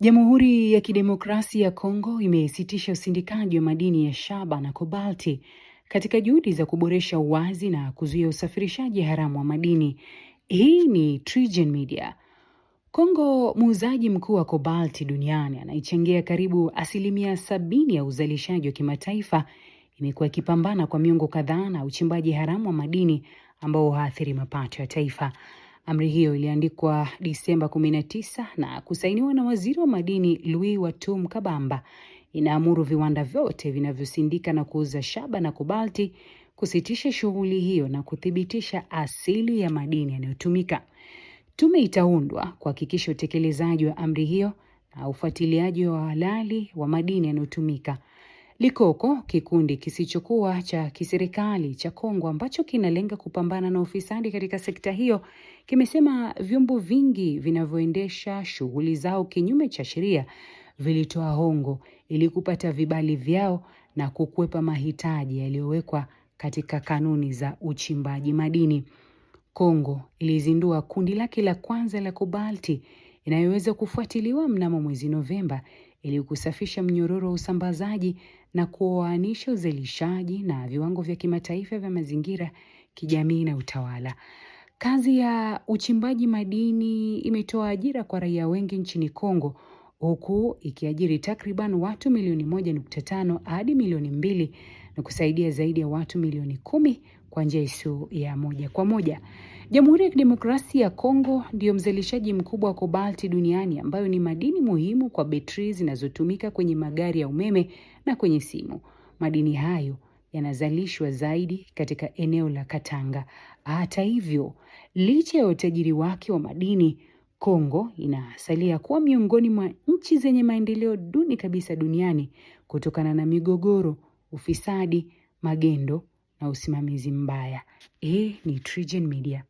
Jamhuri ya Kidemokrasia ya Kongo imesitisha usindikaji wa madini ya shaba na kobalti katika juhudi za kuboresha uwazi na kuzuia usafirishaji haramu wa madini. Hii ni TriGen Media. Kongo, muuzaji mkuu wa kobalti duniani, anaichangia karibu asilimia sabini ya uzalishaji wa kimataifa, imekuwa ikipambana kwa miongo kadhaa na uchimbaji haramu wa madini ambao huathiri mapato ya taifa. Amri hiyo iliandikwa Disemba 19 na kusainiwa na waziri wa madini Louis Watum Kabamba. Inaamuru viwanda vyote vinavyosindika na kuuza shaba na kobalti kusitisha shughuli hiyo na kuthibitisha asili ya madini yanayotumika. Tume itaundwa kuhakikisha utekelezaji wa amri hiyo na ufuatiliaji wa halali wa madini yanayotumika Likoko, kikundi kisichokuwa cha kiserikali cha Kongo ambacho kinalenga kupambana na ufisadi katika sekta hiyo, kimesema vyombo vingi vinavyoendesha shughuli zao kinyume cha sheria vilitoa hongo ili kupata vibali vyao na kukwepa mahitaji yaliyowekwa katika kanuni za uchimbaji madini. Kongo ilizindua kundi lake la kwanza la Kobalti inayoweza kufuatiliwa mnamo mwezi Novemba ili kusafisha mnyororo wa usambazaji na kuoanisha uzalishaji na viwango vya kimataifa vya mazingira, kijamii na utawala. Kazi ya uchimbaji madini imetoa ajira kwa raia wengi nchini Kongo huku ikiajiri takriban watu milioni moja nukta tano hadi milioni mbili na kusaidia zaidi ya watu milioni kumi kwa njia isiyo ya moja kwa moja. Jamhuri ya Kidemokrasia ya Kongo ndiyo mzalishaji mkubwa wa kobalti duniani ambayo ni madini muhimu kwa betri zinazotumika kwenye magari ya umeme na kwenye simu. Madini hayo yanazalishwa zaidi katika eneo la Katanga. Hata hivyo, licha ya utajiri wake wa madini, Kongo inasalia kuwa miongoni mwa nchi zenye maendeleo duni kabisa duniani kutokana na migogoro, ufisadi, magendo na usimamizi mbaya. Hii ni TriGen Media.